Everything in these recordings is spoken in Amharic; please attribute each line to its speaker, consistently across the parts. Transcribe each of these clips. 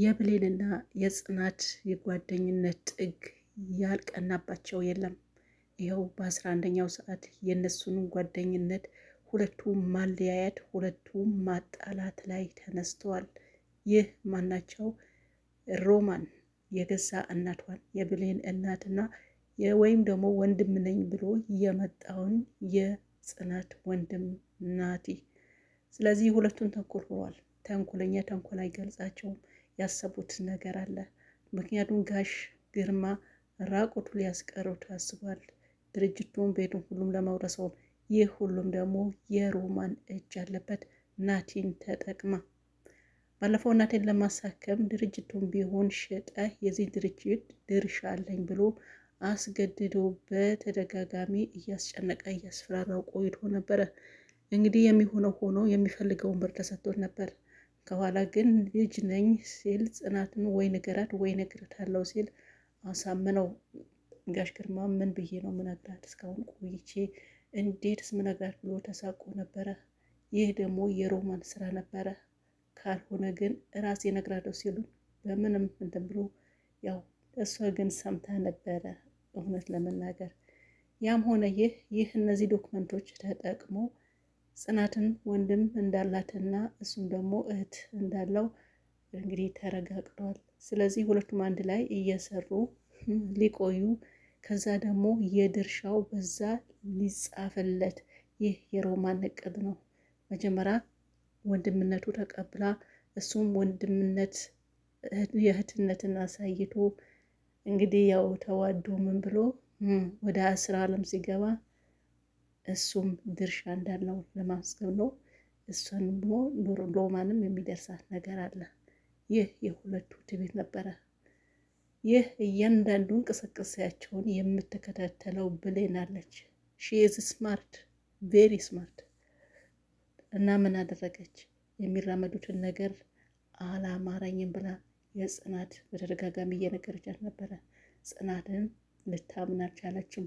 Speaker 1: የብሌንና የጽናት የጓደኝነት ጥግ ያልቀናባቸው የለም። ይኸው በአስራ አንደኛው ሰዓት የእነሱንም ጓደኝነት ሁለቱም ማለያየት፣ ሁለቱም ማጣላት ላይ ተነስተዋል። ይህ ማናቸው ሮማን የገዛ እናቷን የብሌን እናትና ወይም ደግሞ ወንድም ነኝ ብሎ የመጣውን የጽናት ወንድም ናቲ። ስለዚህ ሁለቱን ተንኮል ብሏል። ተንኮለኛ ተንኮል አይገልጻቸውም። ያሰቡት ነገር አለ። ምክንያቱም ጋሽ ግርማ ራቁቱ ሊያስቀረው ታስቧል። ድርጅቱን፣ ቤቱን ሁሉም ለመውረሰው ይህ ሁሉም ደግሞ የሮማን እጅ አለበት። ናቲን ተጠቅማ ባለፈው ናቲን ለማሳከም ድርጅቱን ቢሆን ሸጠ የዚህ ድርጅት ድርሻ አለኝ ብሎ አስገድዶ በተደጋጋሚ እያስጨነቀ እያስፈራራው ቆይቶ ነበረ። እንግዲህ የሚሆነው ሆኖ የሚፈልገውን ብር ተሰጥቶት ነበር። ከኋላ ግን ልጅ ነኝ ሲል ጽናትን ወይ ንገራት ወይ አለው ሲል አሳምነው ጋሽ ግርማ ምን ብዬ ነው ምነግራት እስካሁን ቆይቼ እንዴትስ ምነግራት ብሎ ተሳቆ ነበረ። ይህ ደግሞ የሮማን ስራ ነበረ። ካልሆነ ግን እራሴ እነግራለሁ ሲሉ በምንም እንትን ብሎ ያው እሷ ግን ሰምታ ነበረ። እውነት ለመናገር ያም ሆነ ይህ ይህ እነዚህ ዶክመንቶች ተጠቅመው ጽናትን ወንድም እንዳላትና እሱም ደግሞ እህት እንዳለው እንግዲህ ተረጋግጧል። ስለዚህ ሁለቱም አንድ ላይ እየሰሩ ሊቆዩ ከዛ ደግሞ የድርሻው በዛ ሊጻፍለት ይህ የሮማን እቅድ ነው። መጀመሪያ ወንድምነቱ ተቀብላ እሱም ወንድምነት የእህትነትን አሳይቶ እንግዲህ ያው ተዋዶ ምን ብሎ ወደ አስራ ዓለም ሲገባ እሱም ድርሻ እንዳለው ለማመስገን ነው። እሷን ደግሞ ሎማንም የሚደርሳት ነገር አለ። ይህ የሁለቱ ትቤት ነበረ። ይህ እያንዳንዱ እንቅስቃሴያቸውን የምትከታተለው ብሌን አለች። ሺ ስማርት ቬሪ ስማርት። እና ምን አደረገች? የሚራመዱትን ነገር አላማረኝም ብላ የጽናት በተደጋጋሚ እየነገረቻት ነበረ። ጽናትን ልታምን አልቻለችም።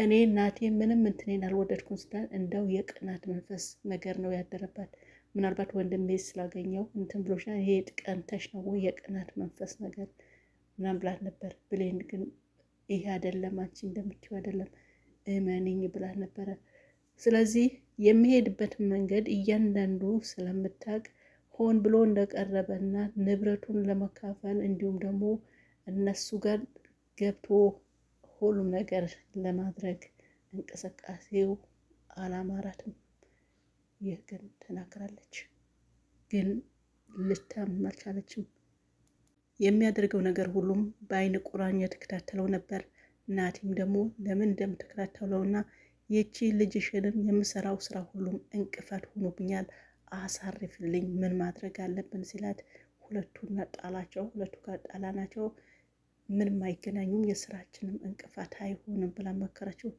Speaker 1: እኔ እናቴ ምንም እንትኔን አልወደድኩም ስታል እንደው የቅናት መንፈስ ነገር ነው ያደረባት። ምናልባት ወንድሜ ስላገኘው እንትን ብሎሻል፣ ይሄ ጥቀንተሽ ነው ወይ የቅናት መንፈስ ነገር ምናም ብላት ነበር። ብሌን ግን ይሄ አይደለም አንቺ እንደምትይው አይደለም እመንኝ ብላት ነበረ። ስለዚህ የሚሄድበት መንገድ እያንዳንዱ ስለምታቅ ሆን ብሎ እንደቀረበና ንብረቱን ለመካፈል እንዲሁም ደግሞ እነሱ ጋር ገብቶ ሁሉም ነገር ለማድረግ እንቅስቃሴው አላማራትም። ይህ ግን ተናግራለች፣ ግን ልታምን አልቻለችም። የሚያደርገው ነገር ሁሉም በአይን ቁራኛ የተከታተለው ነበር። ናቲም ደግሞ ለምን እንደምትከታተለውና ይቺ ልጅሽንም የምሰራው ስራ ሁሉም እንቅፋት ሆኖብኛል፣ አሳርፍልኝ፣ ምን ማድረግ አለብን ሲላት ሁለቱን ጣላቸው። ሁለቱ ጋር ጣላ ናቸው። ምንም አይገናኙም፣ የስራችንም እንቅፋት አይሆንም ብላ መከራቸው።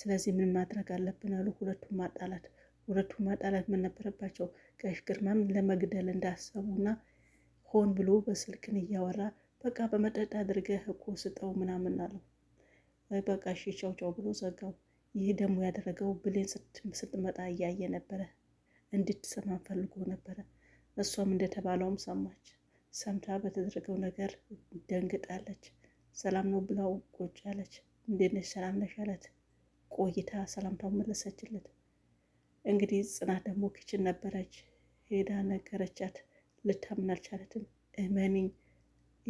Speaker 1: ስለዚህ ምን ማድረግ አለብን አሉ። ሁለቱም ማጣላት ሁለቱም ማጣላት ምን ነበረባቸው? ጋሽ ግርማም ለመግደል እንዳሰቡና ሆን ብሎ በስልክን እያወራ በቃ በመጠጥ አድርገህ እኮ ስጠው ምናምን አለው። በቃ እሺ ቻው ቻው ብሎ ዘጋው። ይህ ደግሞ ያደረገው ብሌን ስትመጣ እያየ ነበረ፣ እንድትሰማ ፈልጎ ነበረ። እሷም እንደተባለውም ሰማች። ሰምታ በተደረገው ነገር ደንግጣለች። ሰላም ነው ብላው ቁጭ አለች። እንዴት ነሽ ሰላም ነሽ አላት። ቆይታ ሰላምታው መለሰችለት። እንግዲህ ጽናት ደግሞ ክችን ነበረች ሄዳ ነገረቻት። ልታምን አልቻለትም። እመኒኝ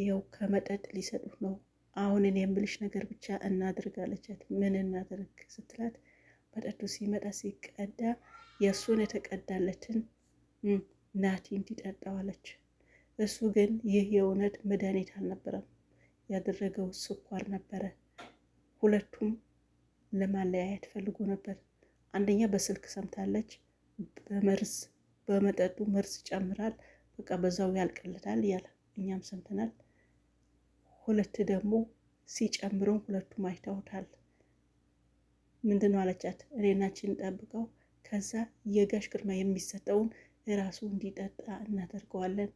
Speaker 1: ያው ከመጠጥ ሊሰጡት ነው አሁን እኔ የምልሽ ነገር ብቻ እናድርግ አለቻት። ምን እናድርግ ስትላት መጠጡ ሲመጣ ሲቀዳ የእሱን የተቀዳለትን ናቲ እንዲጠጣዋለች። እሱ ግን ይህ የእውነት መድኃኒት አልነበረም፣ ያደረገው ስኳር ነበረ። ሁለቱም ለማለያየት ፈልጎ ነበር። አንደኛ በስልክ ሰምታለች፣ በመርዝ በመጠጡ መርዝ ጨምራል፣ በቃ በዛው ያልቅልታል እያለ እኛም ሰምተናል። ሁለት ደግሞ ሲጨምረው ሁለቱም አይተውታል። ምንድነው አለቻት፣ እኔናችን ጠብቀው ከዛ የጋሽ ግርማ የሚሰጠውን ራሱ እንዲጠጣ እናደርገዋለን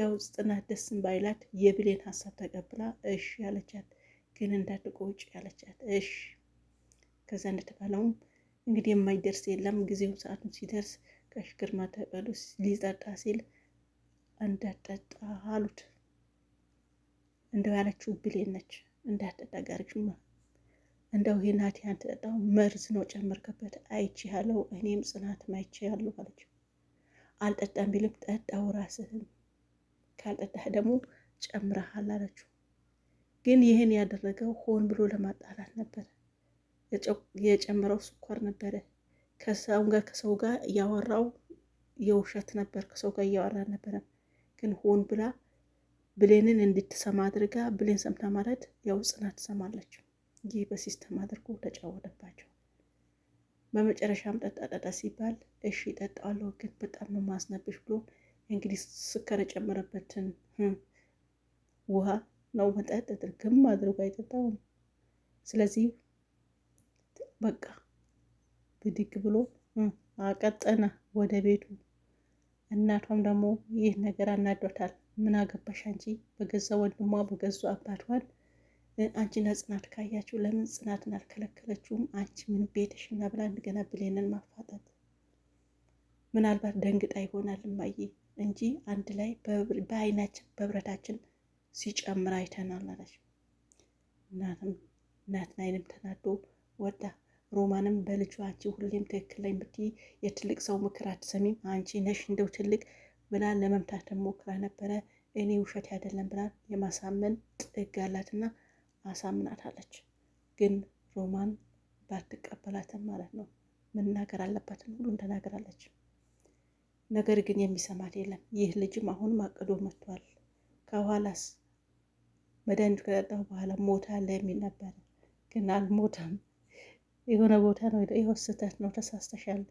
Speaker 1: ያው ጽናት ደስም ባይላት የብሌን ሀሳብ ተቀብላ እሽ ያለቻት፣ ግን እንዳትቆጭ ያለቻት እሽ። ከዛ እንደተባለውም እንግዲህ የማይደርስ የለም ጊዜው ሰዓቱን ሲደርስ ቀሽ ተቀዶ ሊጠጣ ሲል እንዳጠጣ አሉት። እንደው ያለችው ብሌን ነች። እንዳትጠጣ ጋርች እንደው ይሄ ናቲ ያንተጠጣው መርዝ ነው ጨመርከበት፣ አይቼ ያለው እኔም ጽናትም አይቼ ያለው አለችው። አልጠጣም ቢልም ጠጣው ራስህን ካልጠጣህ ደግሞ ጨምረሃል አለችው። ግን ይህን ያደረገው ሆን ብሎ ለማጣላት ነበር የጨመረው ስኳር ነበረ። ከሰው ጋር ከሰው ጋር እያወራው የውሸት ነበር። ከሰው ጋር እያወራ ነበረ። ግን ሆን ብላ ብሌንን እንድትሰማ አድርጋ ብሌን ሰምታ ማለት ያው ጽናት ትሰማለች። ይህ በሲስተም አድርጎ ተጫወተባቸው። በመጨረሻም ጠጣ ጠጣ ሲባል እሺ ጠጣለሁ ግን በጣም ነው ማስነብሽ ብሎ እንግዲህ ስከር የጨመረበትን ውሃ ነው መጠጥ ድርግም አድርጎ አይጠጣውም። ስለዚህ በቃ ብድግ ብሎ አቀጠነ ወደ ቤቱ። እናቷም ደግሞ ይህ ነገር አናዷታል። ምን አገባሽ አንቺ በገዛ ወንድሟ በገዛ አባቷን አንቺና ጽናት ካያችሁ ለምን ጽናትን አልከለከለችውም? አንቺ ምን ቤተሽ እና ብላ እንደገና ብሌንን ማፋጠጥ ምናልባት ደንግጣ ይሆናል እማዬ እንጂ አንድ ላይ በአይናችን በብረታችን ሲጨምር አይተናል አለች። ናትናኤልም ተናዶ ወጣ። ሮማንም በልጁ አንቺ ሁሌም ትክክል ላይ ብትይ የትልቅ ሰው ምክር አትሰሚም፣ አንቺ ነሽ እንደው ትልቅ ብላ ለመምታት ሞክራ ነበረ። እኔ ውሸት አይደለም ብላ የማሳመን ጥግ አላትና አሳምናታለች። ግን ሮማን ባትቀበላትም ማለት ነው መናገር አለባትን ሁሉን ተናገራለች። ነገር ግን የሚሰማት የለም። ይህ ልጅም አሁንም አቅዶ መጥቷል። ከኋላስ መድኃኒት ከጠጣሁ በኋላ ሞታ አለ የሚል ነበር፣ ግን አልሞተም። የሆነ ቦታ ነው የወሰዳት ነው። ተሳስተሻል።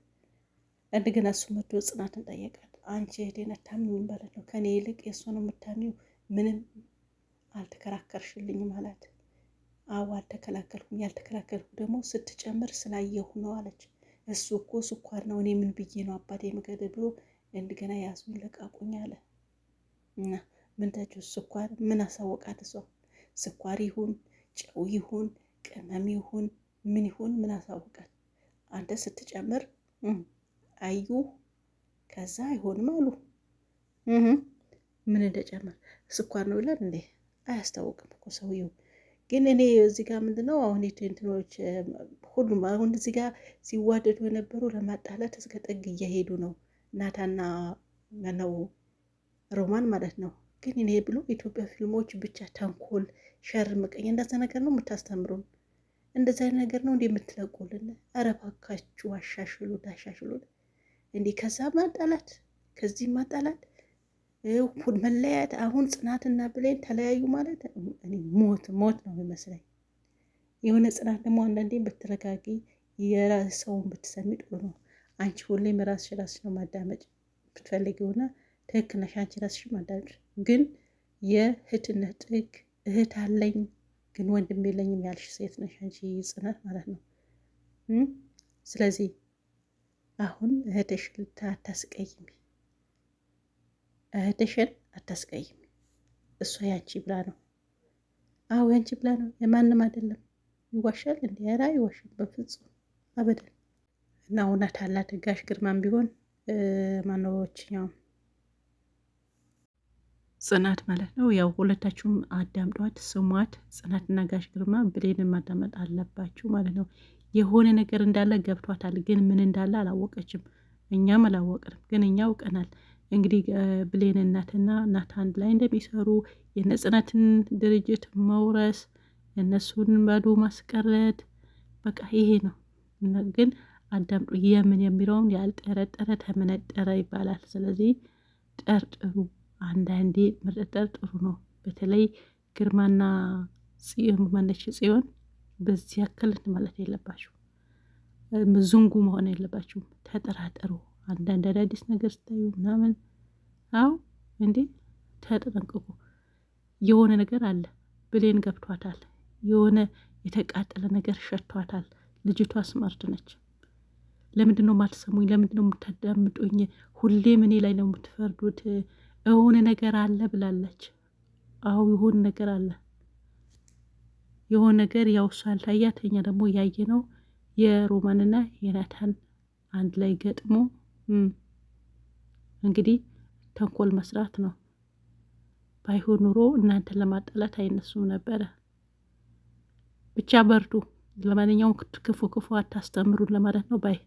Speaker 1: እንደገና እሱ መቶ ጽናትን ጠየቃት። አንቺ እህቴን አታምኚም ማለት ነው? ከኔ ይልቅ የእሱ ነው የምታምኚው? ምንም አልተከራከርሽልኝም አላት። አዎ አልተከላከልኩም። ያልተከላከልኩ ደግሞ ስትጨምር ስላየሁ ነው አለች። እሱ እኮ ስኳር ነው፣ እኔ ምን ብዬ ነው አባቴ የምገድል ብሎ እንደገና ያዙኝ ለቃቁኝ አለ እና ምንታችሁ ስኳር ምን አሳወቃት? እሷ ስኳር ይሁን ጨው ይሁን ቅመም ይሁን ምን ይሁን ምን አሳወቃት? አንተ ስትጨምር አዩ፣ ከዛ አይሆንም አሉ። ምን እንደጨመር ስኳር ነው ብለን እንዴ? አያስታውቅም እኮ ሰውየው ግን እኔ እዚህ ጋር ምንድነው አሁን ትንትኖች ሁሉም አሁን እዚህ ጋር ሲዋደዱ የነበሩ ለማጣላት እስከ ጥግ እየሄዱ ነው። ናታና መነው ሮማን ማለት ነው። ግን እኔ ብሎ ኢትዮጵያ ፊልሞች ብቻ ተንኮል፣ ሸር፣ ምቀኝ እንደዛ ነገር ነው የምታስተምሩን? እንደዛ አይነት ነገር ነው እንዴ የምትለቁልን? ኧረ እባካችሁ አሻሽሉ፣ አሻሽሉት እንዴ! ከዛ ማጣላት፣ ከዚህ ማጣላት፣ መለያየት። አሁን ጽናትና ብሌን ተለያዩ ማለት ሞት ሞት ነው የሚመስለኝ። የሆነ ጽናት ደግሞ አንዳንዴ ብትረጋጊ ሰውን ብትሰሚ ጥሩ ነው። አንቺ ሁሌም ራስሽ ራስሽ ነው ማዳመጭ ብትፈልግ የሆነ ትክክል ነሽ። አንቺ ራስሽ ማዳመጭ ግን የእህትነት ጥግ እህት አለኝ ግን ወንድም የለኝም ያልሽ ሴት ነሽ አንቺ ጽናት ማለት ነው። ስለዚህ አሁን እህትሽን አታስቀይም፣ እህትሽን አታስቀይም እሷ ያንቺ ብላ ነው። አዎ ያንቺ ብላ ነው፣ የማንም አይደለም። ይዋሻል እንዲ ራ ይዋሻል በፍጹም አበደን እና እውነት አላት ጋሽ ግርማም ቢሆን ማኖሮችኛውም
Speaker 2: ጽናት ማለት ነው። ያው ሁለታችሁም አዳምጧት፣ ስሟት። ጽናትና ጋሽ ግርማ ብሌን ማዳመጥ አለባችሁ ማለት ነው። የሆነ ነገር እንዳለ ገብቷታል፣ ግን ምን እንዳለ አላወቀችም። እኛም አላወቅንም፣ ግን እኛ አውቀናል። እንግዲህ ብሌን እናትና አንድ ላይ እንደሚሰሩ የነጽናትን ድርጅት መውረስ እነሱን ባዶ ማስቀረት በቃ ይሄ ነው። ግን አዳምጡ። የምን የሚለውን ያልጠረጠረ ተመነጠረ ይባላል። ስለዚህ ጠርጥሩ። አንዳንዴ መጠርጠር ጥሩ ነው። በተለይ ግርማና ጽዮን ማለች ጽዮን በዚህ ያክል ማለት የለባችሁ ዝንጉ መሆን የለባችሁም። ተጠራጠሩ። አንዳንድ አዳዲስ ነገር ስታዩ ምናምን አው እንዴ ተጠንቅቁ። የሆነ ነገር አለ ብሌን ገብቷታል። የሆነ የተቃጠለ ነገር ሸቷታል። ልጅቷ ስማርት ነች። ለምንድን ነው የማትሰሙኝ? ለምንድን ነው የምታዳምጡኝ? ሁሌም እኔ ላይ ነው የምትፈርዱት። የሆነ ነገር አለ ብላለች። አዎ የሆነ ነገር አለ። የሆነ ነገር ያው እሷ አልታያት፣ እኛ ደግሞ ያየ ነው የሮማንና የናታን አንድ ላይ ገጥሞ እንግዲህ ተንኮል መስራት ነው። ባይሆን ኑሮ እናንተን ለማጣላት አይነሱም ነበረ። ብቻ በርዱ ለማንኛውም ክፉ ክፉ አታስተምሩን ለማለት ነው ባይ